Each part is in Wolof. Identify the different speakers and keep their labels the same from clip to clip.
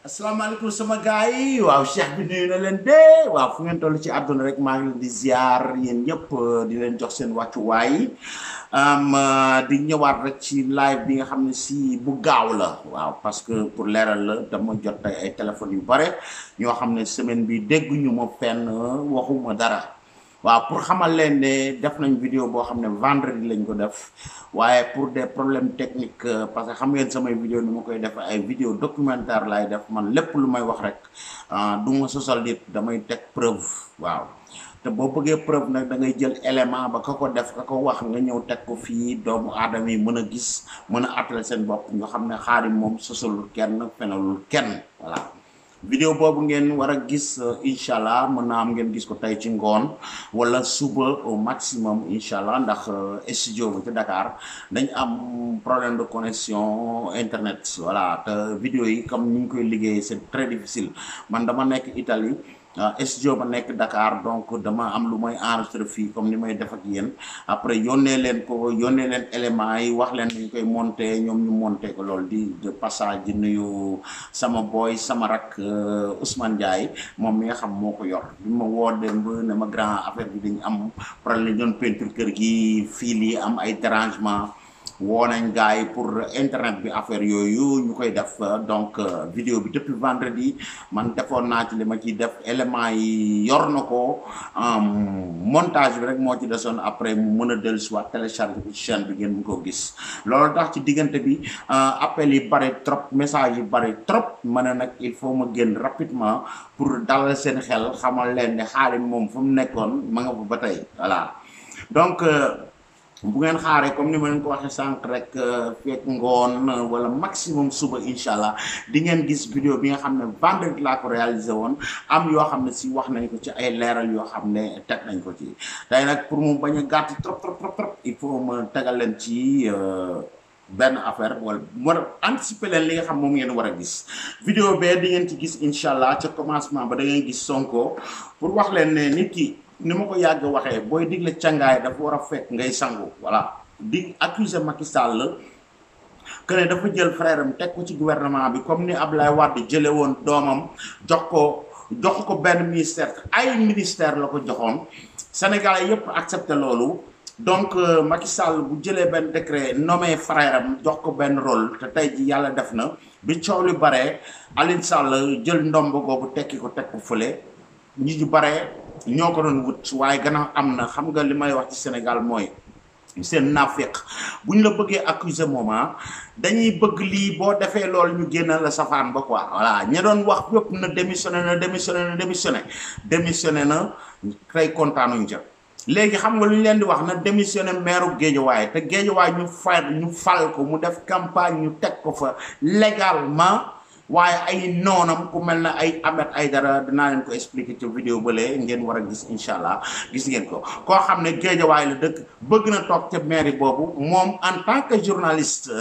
Speaker 1: Assalamualaikum sama gai wa syah bin de wa fungen tole ci aduna rek ma di ziar yen ya ñep di len jox sen waccu way am eh, di ñewat rek ci live bi nga xamni si bu gaaw la wa parce que pour leral la dama jot tay ay téléphone yu bare ño xamni semaine bi deggu ñu mo fenn waxuma dara wa pour xamal len ne def nañ vidéo bo xamne vendredi lañ ko def waaye pour des problèmes techniques uh, parce que xam ngeen samay vidéo ni eh, lah, ma ah, koy def ay vidéo documentaire lay def man lépp lu may wax rek du ma sosal nit damay teg preuve waaw te boo bëggee preuve nag da ngay jël élément ba ka ko def ka ko wax nga ñëw teg ko fii doomu aadama yi mën a gis mën a atale seen bopp ñu xam ne xaarim moom sosalul kenn fenalul kenn voilà vidéo boobu ngeen war a gis incha allah mën na am ngeen gis ko tey ci ngoon wala suba au maximum incha allah ndax euh, studio bi ci Dakar dañ am problème de connexion internet voilà te vidéo yi comme nu ñu koy liggéey c'est très difficile man dama nekk Italie Ah, studio ba nekk dakaar donc dama am lu may enregistré fii comme ni may def ak yéen après yónnee leen ko yónnee leen éléments yi wax leen nañ koy monté ñoom ñu monté ko loolu di de passage di nuyu sama boy sama rak euh, Ousmane Ndiaye moom mi nga xam moo ko yor bi ma woo dem ne ma grand affaire bi dañu am problème doon peinture kër gi fii lii am ay dérangement wonañ gaay pour internet bi affaire yoyu ñukoy def donc euh, vidéo bi depuis vendredi man defon na ci lima ci def élément yi yor nako montage bi rek mo ci deson après mu meuna del soit télécharger ci chaîne bi ngeen ko gis lolu tax ci digënté bi euh, appel yi bari trop message yi bari trop man nak il faut ma genn rapidement pour dalal seen xel xamal leen ne xaalim mom fu mu nekkon ma nga ko batay voilà donc euh, bu ngeen xaaree comme ni ma leen ko waxee sànq rek euh, fekk ngoon euh, wala maximum suba incha allah di ngeen gis vidéo bi nga xam ne vendredi laa ko réalisé woon am yoo xam ne si wax nañ ko ci ay leeral yoo xam ne teg nañ ko ci day nag pour mu bañ a gàtt trop trop trop il faut ma tegal leen ci euh, benn affaire wala war a anticiper leen li nga xam moom ngeen war a gis vidéo bee di ngeen ci gis incha allah ca commencement ba da gis Sonko pour wax leen ne nit ki. ni ma ko yàgg waxee booy digle càngaay dafa war a fekk ngay sangu voilà di accuser Macky Sall la que ne dafa jël frère am teg ko ci gouvernement bi comme ni Abdoulaye Wade jële woon doomam jox ko jox ko benn ministère ay ministère la ko joxoon sénégal yépp accepté loolu donc euh, Macky Sall bu jëlee benn décret nommé frère jox ko benn rôle te tey ji yàlla def na bi coow li bare Aline Sall jël ndomb googu tekki ko teg ko fële ñi ju bare ñoo ko doon wut waaye gannaaw am na xam nga li may wax ci Sénégal mooy seen nafiq bu ñu la bëggee accuser moment ah, dañuy bëgg lii boo defee lool ñu génn la safaan ba quoi voilà ña doon wax yëpp na démissionné na démissionné na démissionné démissionné na tey kontaanuñ ca léegi xam nga lu ñu leen di wax na démissionné maire Guédiawaye te Guédiawaye ñu fay ñu fal ko mu def campagne ñu teg ko fa légalma waaye ay noonam ku mel na ay Ahmed Aïdara dinaa leen ko expliquer ci vidéo bële ngeen war a gis incha allah gis ngeen ko koo xam ne géejawaay la dëkk bëgg na toog ca mairie boobu moom en tant que journaliste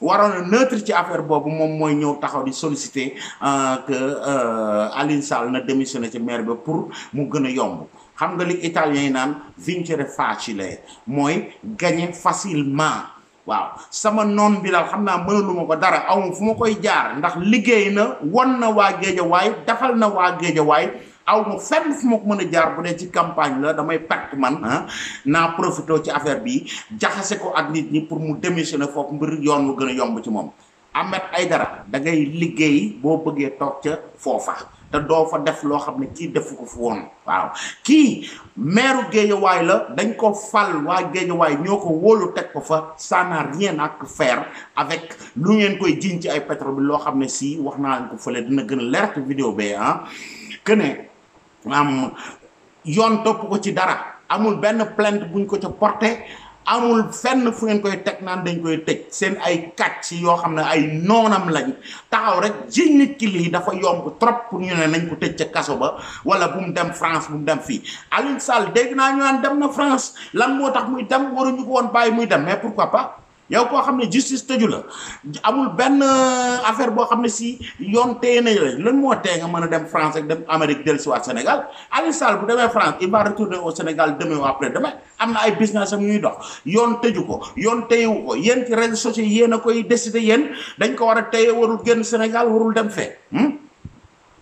Speaker 1: waroon a neutre ci affaire boobu moom mooy ñëw taxaw di solliciter euh, que euh, Aline Sall na démissionné ci maire ba pour mu gën a yomb xam nga li italien yi naan vincere facile mooy gagner facilement waaw sama non bi daal xam naa mënaluma ko dara aw fu ma koy jaar ndax liggéey na won na waa géeja waay defal na waa géeja waay aw ma fenn fu ma ko mën a jaar bu ne ci campagne la damay perte man ah naa profité ci affaire bi jaxase ko ak nit ñi pour mu démissionné foofu mbir yoon mu gën a yomb ci moom amet ay dara da ngay liggéey boo bëggee toog ca foofa te do fa def lo xamne ki def ko fu won waaw ki meru geyo way la dañ ko fal wa geyo way ñoko wolu tek ko fa ça n'a rien à faire avec lu ngeen koy jinn ci ay pétrole bi lo xamne si wax na ko fele dina gën lert vidéo be hein ah. que ne am yon top ko ci dara amul ben plainte buñ ko ci porter amul fenn fu ngeen koy teg naan dañ koy tëj seen ay kàcc yoo xam ne ay noonam lañ taxaw rek jiñ nit ki lii dafa yomb trop pour ne nañ ko tëj ca kaso ba wala bu mu dem France bu mu dem fii Aliou Sall dégg naa ñu naan dem na France lan moo tax muy dem waruñu ko woon bàyyi muy dem mais pourquoi pas yow koo xam ne justice tëju la amul benn euh, affaire boo xam ne si yoon téye nañ la lan moo tee nga mën a dem France ak dem Amérique dellusiwaat Sénégal Aliou Sall bu demee France il o retourner au Sénégal demain ou après demain am na ay business am ñuy dox yoon tëju ko yoon téyewu ko yéen ci réseaux sociaux yéen a koy décider yéen dañ ko war a téye warul génn Sénégal warul dem fee hmm?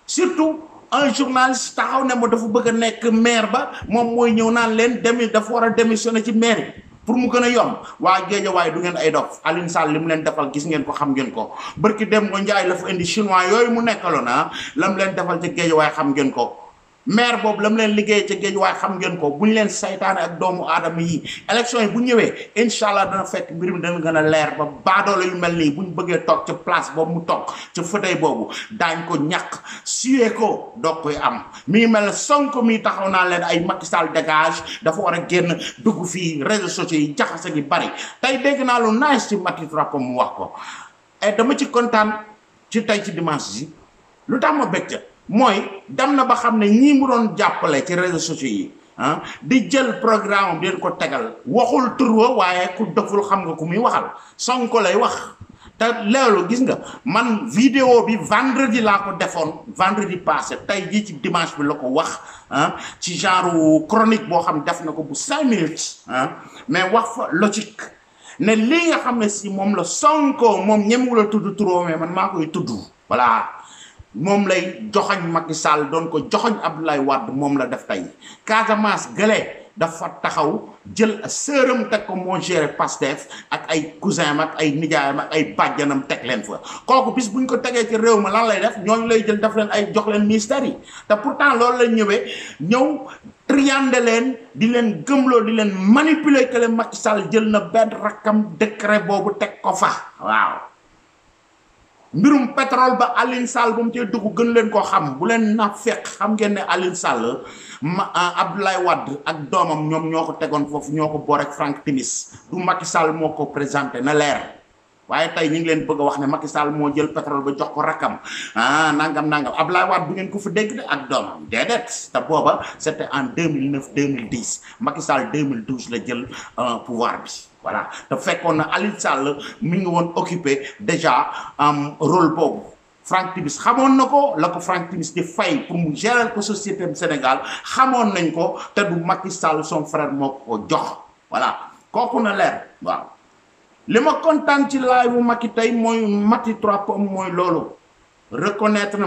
Speaker 1: surtout un journaliste taxaw ne ma dafa bëgg a nekk maire ba moom mooy ñëw naan leen demi dafa war a démissionner ci maire bi pour mu gën a yomb waa géejawaay du ngeen ay dof Alioune Sall li leen defal gis ngeen ko xam ngeen ko barki dem nga njaay laf fa indi chinois yooyu mu nekkaloon a ah, lam leen defal ca géejawaay xam ngeen ko maire boobu la mu leen liggéeyee ca géej waaye xam ngeen ko bu ñu leen saytaane ak doomu aadama yi élection yi bu ñëwee incha allah dana fekk mbir mi dana gën a leer ba baadoolo yu mel nii bu ñu bëggee toog ca place boobu mu toog ca fauteuil boobu daañ ko ñàkk suyee ko doog koy am mi ngi mel ne Sonko mi taxaw naa leen ay Macky Sall dégage dafa war a génn dugg fii réseaux sociaux yi jaxase gi bari tey dégg naa lu nice ci Macky Trapo mu wax ko et eh, dama ci kontaan ci tey ci dimanche ji lu tax ma bëgg moy damna na ba ne mu doon jappalé ci réseaux sociaux yi ah, programme ils ko tégal waxul wa ku xam nga ku waxal Sonko lay wax man vidéo bi vendredi la ko vendredi passé tay jii ci dimanche bi la ko wax ah, genre chronique bo xam def minutes ah, mais wax logique ne li nga si mom la Sonko mom man voilà moom lay joxoñ Macky Sall doon ko joxoñ Abdoulaye Wade moom la def tey Casamance gële dafa taxaw jël sëram teg ko moo géré Pastef ak ay cousin ak ay nijaayam ak ay bàjjanam teg leen fa kooku bis bu ñu ko tegee ci réew ma lan lay def ñooñu lay jël def leen ay jox leen ministère yi te pourtant loolu lañ ñëwee ñëw triyande leen di leen gëmloo di leen manipuler que le Macky Sall jël na benn rakkam décret boobu teg ko fa waaw mbirum petrol ba alin sal bu mu dugg gën leen ko xam bu leen na fekk xam ngeen ne alin sal ma abdoulaye wad ak doomam ñoom ñoo ko tegoon foofu ñoo ak frank timis du macky sall moo ko présenté na leer waaye tey ñu ngi leen bëgg wax ne macky sall moo jël pétrole ba jox ko rakam ah nangam nangam abdoulaye wad bu ngeen ko fa dégg de ak doomam déedéet te booba c' en 2009 2010 macky sal 2012 la jël euh, pouvoir bi voilà te fekkoon na Alioune Sall mu ngi woon occupé déjà am rôle boobu Franck Timis xamoon na ko la ko Franck Timis di fay pour mu gérer ko société Sénégal xamoon nañ ko te du mati Sall son frère moo ko jox voilà kooku na leer waaw li ma kontaan ci laay bu mati tey mooy Maty trois pommes mooy loolu reconnaître na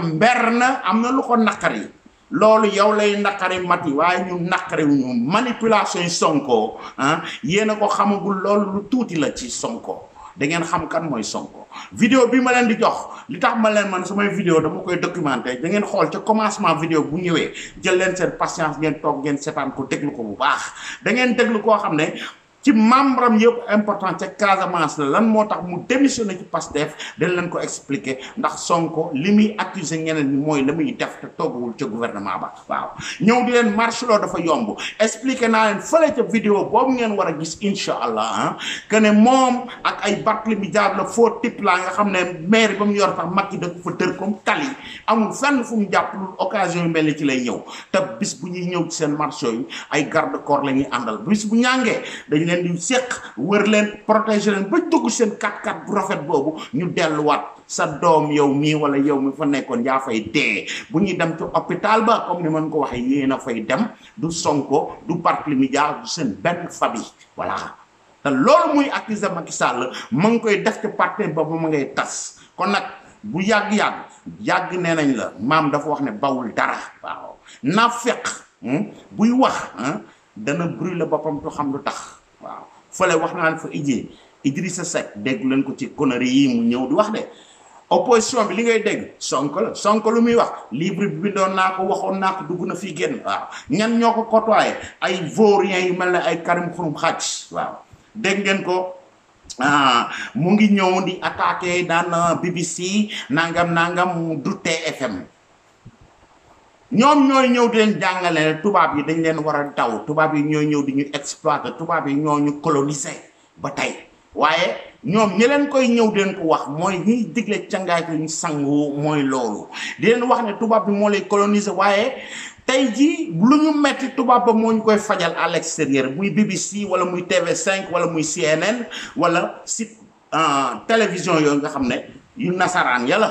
Speaker 1: na am na lu ko naqar yi loolu yow lay naqari yi waaye ñu naqari mu manipulation yi Sonko ah yéen a ko xamagul loolu lu tuuti la ci Sonko da ngeen xam kan mooy Sonko. vidéo bi ma leen di jox li tax ma leen man su samay vidéo dama koy documenté dangeen xool ca commencement vidéo bu ñëwee jël leen seen patience ngeen toog ngeen seetaan ko lu ko bu baax dangeen ngeen déglu koo xam ne. ci membre am yëpp important ca Casamance la lan moo tax mu démissionné ci Pastef dañ leen ko expliqué ndax Sonko li muy accusé ñeneen ñi mooy la muy def te toggawul ca gouvernement ba waaw ñëw di leen marché loo dafa yomb expliqué naa leen fële ca vidéo boobu ngeen war a gis incha allah ah que moom ak ay Barthélémy jàpp la foo type laa nga xam ne maire ba mu yor tax Macky da ko fa tër comme tali am fenn fu mu jàpp lu occasion yu mel ni ci lay ñëw te bis bu ñuy ñëw seen marché yi ay garde la ñuy àndal leen di séq wër leen protéger leen ba dugg seen kat kat bu rafet boobu ñu delluwaat sa doom yow mii wala yow mi fa nekkoon yaa fay dee bu ñuy dem ci hôpital ba comme ni man ko waxee yéen na fay dem du sonko du parti mi jaar du seen benn fabi voilà te loolu muy accusé Macky Sall ma ngi koy def ci parti ba ma ngay tas kon nag bu yàgg yàgg yàgg nee nañ la maam dafa wax ne bawul dara waaw naa feq hmm, buy wax hmm, dana brûler boppam du xam lu tax waaw fële wax naa naan fa Idji Idrissa Seck dégg nañ ko ci conneries yi mu ñëw di wax de opposition bi li ngay dégg Sonko la Sonko lu muy wax livre bi doon naa ko waxoon naa ko dugg na fii génn waaw ñan ñoo ko côtoyé ay vorien yu mel na ay Karim Xurum Xaaj waaw dégg ngeen ko ah, mu ngi ñëw di attaqué daan BBC nangam nangam du TFM ñoom ñooy ñëw di leen jàngale ne tubaab yi dañ leen war a daw tubaab yi ñooy ñëw di ñu exploiter tubaab yi ñoo ñu coloniser ba tey waaye ñoom ñi leen koy ñëw di leen ko wax mooy ñuy digle cangaay ñu sangu mooy loolu di wax ne tubaab bi moo lay waaye tey jii lu ñu metti tubaab ba moo ñu koy fajal à l'extérieur muy BBC wala muy TV5 wala muy CNN wala site euh, télévision yooyu nga xam ne yu nasaraan yàlla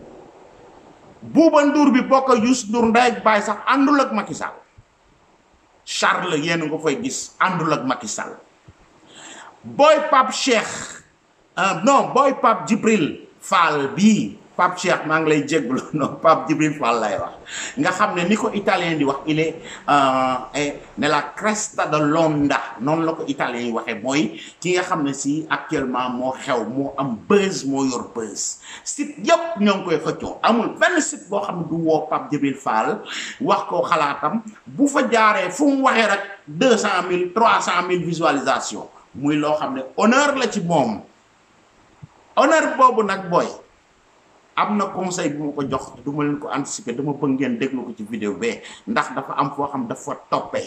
Speaker 1: Bouba nduur bi bokk ak Youssou Ndour ndey ak baay sax àndul ak Macky Sall Charles yéen nga koy gis àndul ak Macky Sall booy Pape Cheikh euh, non booy Pape Djibril Fall bii Pape Cheikh maa ngi lay jégalu non Pape Djibril Fall lay wax nga xam ne ni ko italien di wax il est euh, eh, ne la cresta dell'onda noonu la ko italien yi waxee mooy ki nga xam ne si actuellement moo xew moo am buzz moo yor buzz site yëpp ñoo ngi koy xëccoo amul benn site boo xam ne du woo Pape Djibril Fall wax ko xalaatam bu fa jaaree fu mu waxee rek deux cent mille trois cent mille visualisation muy loo xam ne honneur la ci moom honneur boobu nag booy am na conseil bu ma ko jox du ma leen ko anticiper dama bëgg ngeen déglu ko ci vidéo bee ndax dafa am foo xam dafa toppe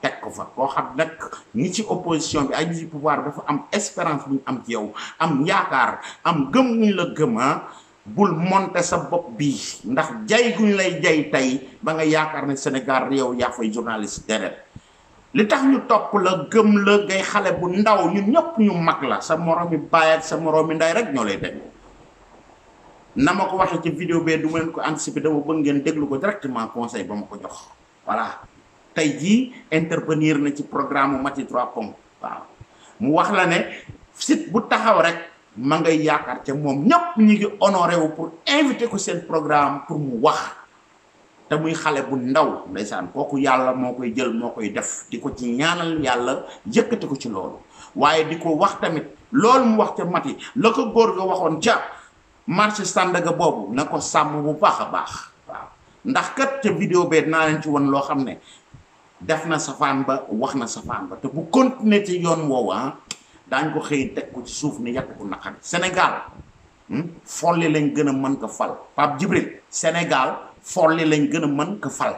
Speaker 1: teg ko fa koo xam nag ñi ci opposition bi ay ñi ci pouvoir dafa am espérance bu am ci yow am yaakaar am gëm ñu la gëma ah, bul monter sa bopp bi ndax jay lay jay tey ba nga yaakaar ne Sénégal yow yaa fay journaliste déedéet li tax ñu topp la gëm la ngay xale bu ndaw ñun ñëpp ñu mag la sa moroom mi baay ak sa moroom mi nday rek ñoo lay déglu nama ko waxe video vidéo bi du ko anticiper dama bëgg ngeen déglu ko directement conseil bama ko jox voilà tay ji intervenir na ci programme mati dua pom waaw Muahlah ne sit buta taxaw rek ma ngay yaakaar ca moom ñëpp ñi ngi honoré wu pour inviter ko seen programme pour mu wax te muy xale bu ndaw ndaysaan kooku yàlla moo koy jël moo koy def di ko ci ñaanal yàlla yëkkati ko ci loolu di ko wax tamit loolu mu wax ca mat yi la marché sàndaga boobu na ko sàmm bu baax a baax waaw ndax kat ca vidéo bee naa leen ci woon loo xam ne def na safaan ba wax na safaan ba te bu continuer ci yoon woowu ah daañ ko xëy teg ko ci suuf ni yàq ko naqari Sénégal hmm, folli lañ gën a mën ko fal Pape Djibril Sénégal folli lañ gën mën ko fal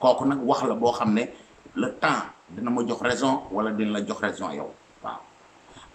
Speaker 1: kooku nag wax la boo xam le temps dina ma jox raison wala dina la jox raison yow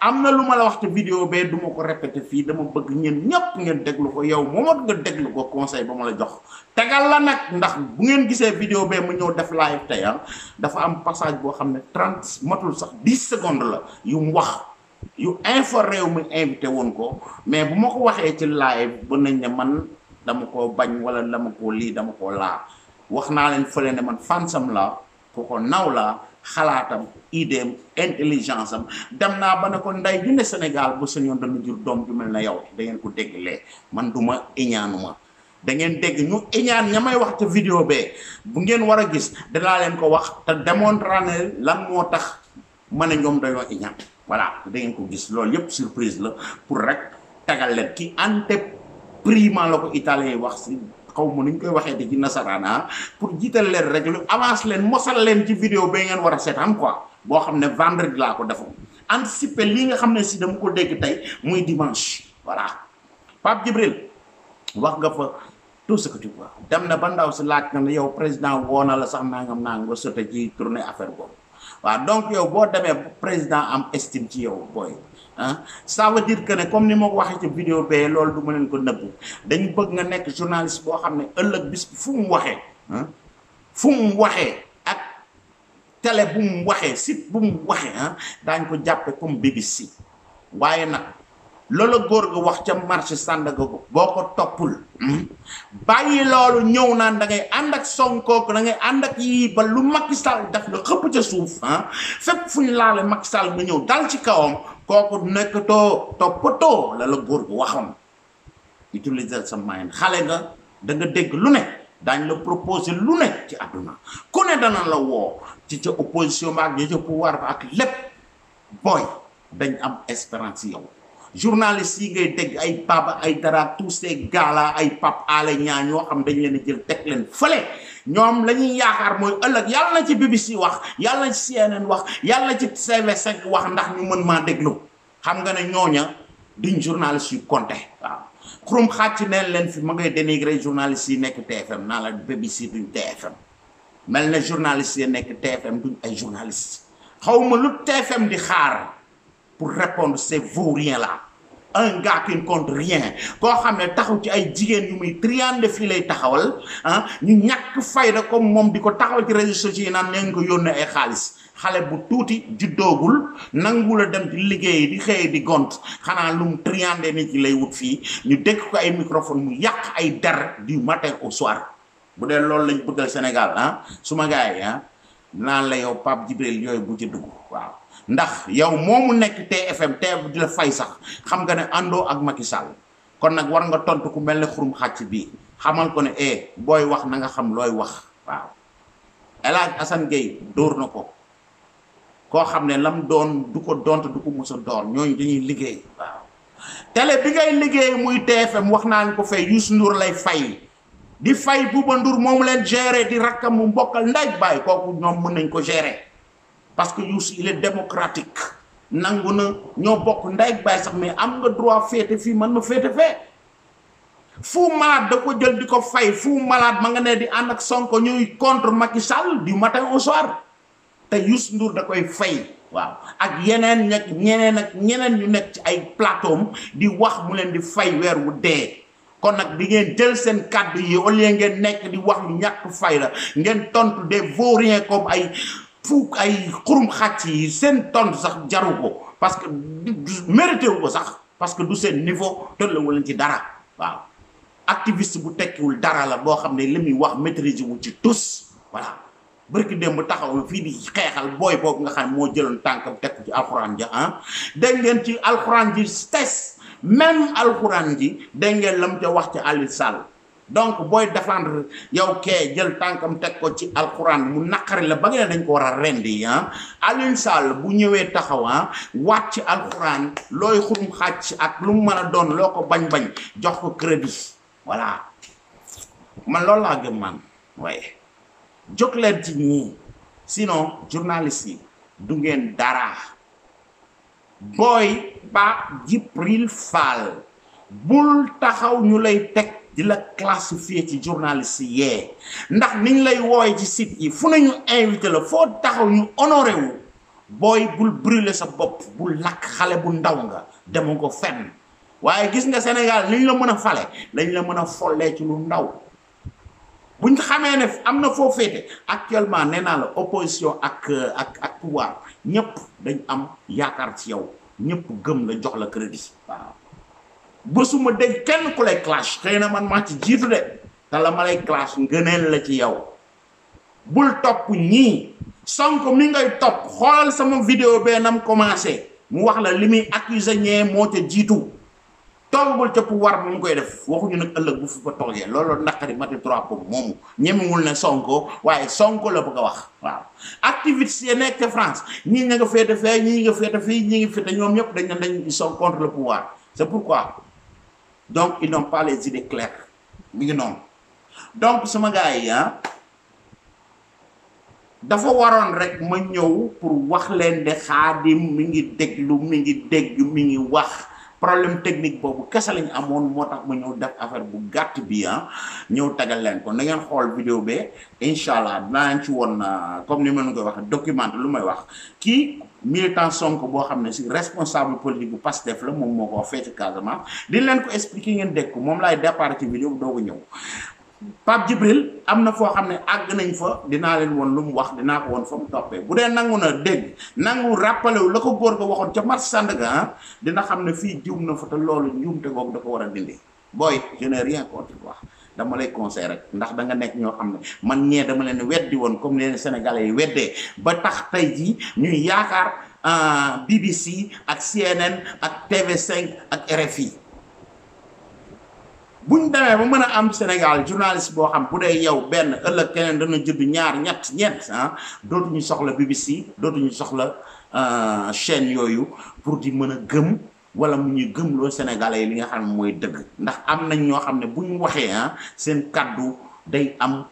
Speaker 1: amna luma la wax ci vidéo bé duma ko répéter fi dama bëgg ñen ñëpp ngeen déglu ko yow momat nga déglu ko conseil bama la jox tégal la nak ndax bu ngeen gisé vidéo bé mu ñëw def live tay ah, dafa am passage bo xamné 30 matul sax 10 secondes la yu mu wax yu info rew mu invité won ko mais bu mako waxé ci live bu nañ né man dama ko bañ wala dama ko li dama ko la waxna len fele ne man fansam la ko ko naw la xalaatam idem intelligence am dem naa ba ne ko nday ju ne sénégal bu suñu dañu jur doom ju mel na yow da ngeen ko dégg lee man du ma iñaanuma da ngeen dégg ñu iñaan ña may wax ca vidéo bee bu ngeen war a gis danaa leen ko wax te démontre lan moo tax ma ne ñoom iñaan voilà da ngeen ko gis loolu yëpp surprise la pour rek tegal leen ki ante prima la ko italien wax si xaw ma ñu koy waxee te ci nasaraan ah pour jiital leen rek lu avance leen mosal leen ci vidéo ba ngeen war a am quoi boo xam ne vendredi laa ko defoon anticiper lii nga xam ne si dama ko dégg tey muy dimanche voilà Pape Djibril wax nga fa tour ce que tu dem na ba ndaw si laaj na ne yow président woo na la sax nangam nangam nga sote ci tournée affaire boobu waa donc yow boo demee président am estime ci yow booy. ah ça veut dire ne comme ni ma ko waxee ci vidéo bee loolu du ma leen ko nëbbu dañu bëgg nga nekk journaliste boo xam ne ëllëg bis fu mu waxee ah? fu mu waxee ak télé bu mu waxee site bu mu waxee ah daañ ko jàppe comme BBC waaye nag loolu góor ga wax ca marché Sandaga ko boo ko toppul hmm? bàyyi loolu ñëw naan dangay ngay ànd ak Sonko da ngay ànd ak yii ba lu Macky Sall def nga xëpp ca suuf ah fépp fu ñu laale Macky Sall nga ñëw dal ci kawam kooku nekk too toppatoo la la góor gu waxoon utiliser sa moyen xale nga da nga dégg lu ne daañ la proposer lu ne ci àdduna ku ne dana la woo ci ca opposition ba ak ñi ca pouvoir ba ak lépp booy dañ am espérance yow journaliste yi ngay dégg ay Baba Aïdara tous ces gars ay Pape ale Niang ñoo xam dañ leen a jël teg leen fële ñoom la ñuy yaakaar mooy ëllëg yàlla na ci BBC wax yàlla na ci CNN wax yàlla ci TV5 wax ndax ñu mën maa déglu xam nga ne ñooña duñ journaliste yu compté waaw xurum xàcc neen leen fi ma ngay dénigrer journaliste yi nekk TFM naa la BBC duñ TFM mel na journaliste yi nekk TFM duñ ay journaliste xaw ma lu TFM di xaar pour répondre ces vauriens là un gars qui ne compte rien ko xamne taxaw ci ay jigen yu muy triande fi lay taxawal hein ah, ñu ñak fay rek ko mom diko taxawal ci registre ci nan ngeen ko yonne ay xaliss xale bu tuti di dogul nangul dem di liggey di xey di gont xana lu mu triande ni ci lay wut fi ñu dekk ko ay microphone mu yak ay dar du matin au soir bu de lol lañ bëggal sénégal hein ah, suma gaay ndax yow moomu nekk TFM TFM di la fay sax xam nga ne àndoo ak Macky Sall kon nag war nga tontu ku mel ne xurum xàcc bi xamal ko ne eh booy wax na nga xam looy wax waaw El Hadj Assane Gueye na ko koo xam ne lam doon du ko donte du ko musa doon ñooñu dañuy liggéey waaw télé bi ngay liggéey muy TFM wax naa ne ko fay Youssou Ndour lay fay di fay Bouba Ndour moom leen gere di rakkam mu mbokkal ndaj bàyyi kooku ñoom mën nañ ko gere parce que yous il est démocratique nanguna ño bok nday bay sax mais am nga droit fété fi man ma fété fé fu malade da ko jël diko fay fu malade ma nga né di and ak sonko ñuy contre Macky Sall du matin au soir té yous ndour da koy fay waaw ak yenen ñek ñenen ak ñenen ñu nek ci ay plateau di wax mu len di fay wër wu dé kon nak di ngeen jël sen cadre yi au lieu ngeen nek di wax ñak fay la ngeen tontu des vaut rien comme ay fu ay xurum xàcc yi seen tontu sax jaru ko parce que mérité ko sax parce que du seen niveau tolluwu leen ci dara waaw activiste bu tekkiwul dara la boo xam ne li muy wax maîtriser wu ci tous voilà bërki dem bu taxaw fii di xeexal booy boobu nga xam moo jëloon tànkam tekk ci alxuraan ja ah dégg ngeen ci alxuraan ji tes même alxuraan ji dégg ngeen la mu ca wax ci Aliou Sall donc booy défendre yow kee jël tànkam teg ko ci alxuraan mu naqari la ba ngeen dañ ko war a rendi ah Aliou bu ñëwee taxaw ah, wàcc alxuraan looy xurum xàcc ak lu mu mën a doon loo ko bañ bañ jox ko crédit voilà man loolu laa gëm man waaye jóg leen ci ñii sinon journaliste yi du ngeen dara booy Pape Djibril Fall bul taxaw ñu lay teg. di la classifier ci journaliste yee ndax niñ lay wooye ci sit yi fu nañu invité la foo taxaw ñu honoré wu booy bul brûler sa bopp bul lakk xale bu ndaw nga demu ko fenn waaye gis nga Sénégal niñ la mën a fale dañ la mën a follee ci lu ndaw buñ xamee ne am na foo féete actuellement nee naa la opposition ak ak ak pouvoir ñëpp dañ am yaakaar ci yow ñëpp gëm la jox la crédit waaw bësuma dégg kenn ku lay clash xëy na man maa ci jiitu de te la ma lay clash ngëneel la ci yow bul topp ñii sonk mi ngay topp xoolal sama vidéo bee nam commencé mu wax la li muy accusé ñee moo ca jiitu toggul ca pu war mu koy def waxuñu nag ëllëg bu fi ko toggee loolu naqari mati trois pour moomu ñemewul ne sonko waaye sonko la bëgg wax waaw activistes yi nekk france ñii nga féete fee ñii nga féete fii ñii nga féete ñoom ñëpp dañ ne dañ ils sont contre le pouvoir c'est pourquoi donc ils n'ont pas les idées claires mi ngi donc ce gars hein, dafa waroon rek ma ñëw pour wax leen de xaadim mi ngi déglu mi ngi dégg mi ngi wax problème technique boobu kese lañ amoon moo tax ma ñëw def affaire bu gàtt bi ah ñëw tagal leen ko na ngeen xool vidéo bee incha allah dinaa ci woon ah, comme ni ma leen koy waxee document lu may wax kii militant Sonko boo xam ne si responsable politique bu Pastef la moom moo ko wax fee ci Casamance di leen ko expliquer ngeen dégg moom laay départ ci vidéo bi doo ko ñëw. Pape Djibril am na foo xam ne àgg nañ fa dinaa leen woon lu mu wax dinaa ko woon fa mu toppee bu dee nangu na dégg nangu rappelé wu la ko góor ga waxoon ca marché Sandaga ah, dina xam ne fii jiw na fa te loolu njuumte googu da ko war a dindi booy je n'ai rien contre wax dama lay conseil rek ndax da nga nekk ñoo xam ne man ñee dama leen weddi woon comme leen Sénégalais yi weddee ba tax tey jii ñuy yaakaar ah, BBC ak CNN ak TV5 ak RFI. buñ demee ba mën a am Sénégal journaliste boo xam bu dee yow benn ëllëg keneen dana judd ñaar ñett ñeent ah ñu soxla BBC dootuñu soxla euh, chaîne yooyu pour di mën a gëm wala mu ñuy gëm loo Sénégalais yi li nga xam ne mooy dëgg ndax am nañ ñoo xam ne bu ñu waxee ah seen kàddu day am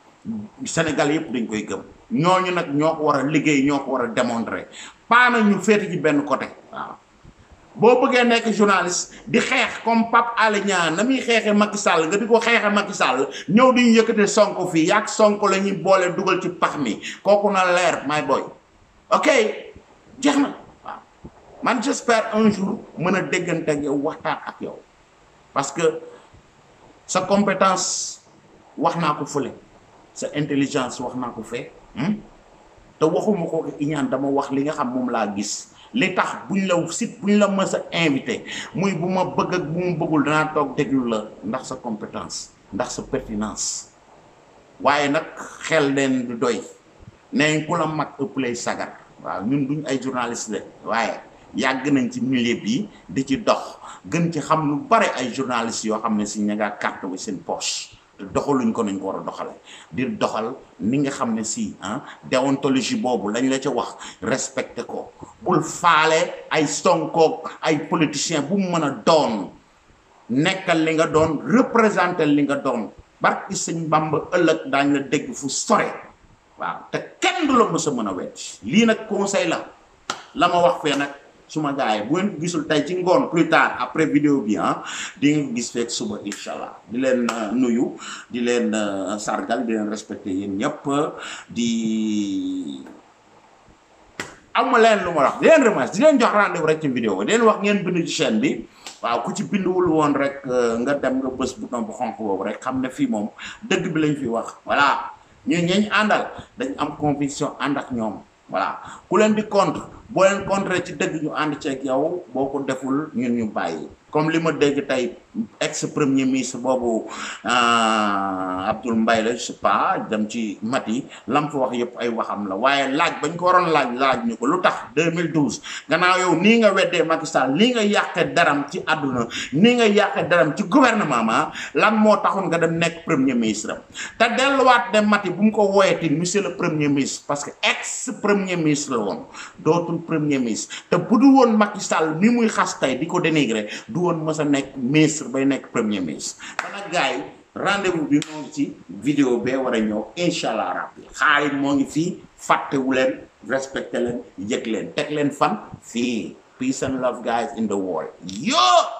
Speaker 1: Sénégal yëpp dañ koy gëm ñooñu nag ñoo ko war a liggéey ñoo ko war a démontrer paana ñu féete ci benn côté waaw. boo bëggee nekk journaliste di xeex comme Pape Alé Niang na muy xeexee Macky Sall nga di ko xeexee Macky Sall ñëw di ñu yëkkate Sonko fii yaag Sonko la ñuy boole dugal ci pax mi kooku na leer my booy ok jeex na waaw man j'espère un jour mën a déggante ak yow waxtaan ak yow parce que sa compétence wax naa ko fële sa intelligence wax naa ko fee hmm? te waxuma ko iñaan dama wax li nga xam moom laa gis li tax buñ la sit buñ la mës a invité muy bu ma bëgg ak bu ma bëggul danaa toog déglu la ndax sa compétence ndax sa pertinance waaye nag xel leen du doy nee ku la mag ëpp lay sagar waaw ñun duñ ay journaliste la waaye yàgg nañ ci milieu bi di ci dox gën ci xam lu bare ay journaliste yoo xam ne si ña ngaa carte seen poche doxaluñ ko nañ ko war a doxale di doxal ni nga xam ne si ah déontologie boobu lañ la ca wax respecté ko bul faale ay sonkoog ay politicien bu mu mën a doon nekkal li nga doon représenté li nga doon barki sëñ Bamba ëllëg daañ la dégg fu sore waaw te kenn du la mës a mën a wet lii nag conseil la la ma wax fee nag suma gaay bu len gisul tay ci ngone plus tard après vidéo bi hein ha. uh, uh, di ngeen gis fek suma inshallah di len nuyu di len sargal di len respecter yeen ñep di am len luma wax di len remercier di len jox rendez-vous rek ci vidéo di len wax ngeen bind ci chaîne bi waaw ku ci bindul won rek nga dem nga bëss bouton bu xonku bobu rek xamne fi mom deug bi lañ fi wax voilà ñu ñeñ andal dañ am conviction and ak ñom voilà ku len di contre bo len contré ci deug ñu and ci ak yow boko deful ñun ñu bayyi comme lima tay ex premier ministre bobu Abdul ah, abdoul mbaye sepa je sais mati lampu fa ayuh yep ay waxam la waye lag bañ ko waron laaj laaj ñuko lutax 2012 gannaaw yow ni nga wedde Macky Sall ni nga yaqé daram ci aduna ni nga yaqé daram ci gouvernement ma lan mo taxone nga dem nek premier ministre ta delu wat dem mati bu ko woyé ti monsieur le premier ministre parce que ex premier ministre won dotun premier ministre te bu du woon Macky Sall ni muy xas tey di ko dénigrer du woon mës a nekk ministre bay nekk premier ministre kon nag gars yi rendez-vous bi moo ngi ci vidéo bee war a ñëw incha allah rabbi xaalis moo ngi fi fàttewu leen respecté leen yëg leen teg leen fan fii peace and love guys in the world yo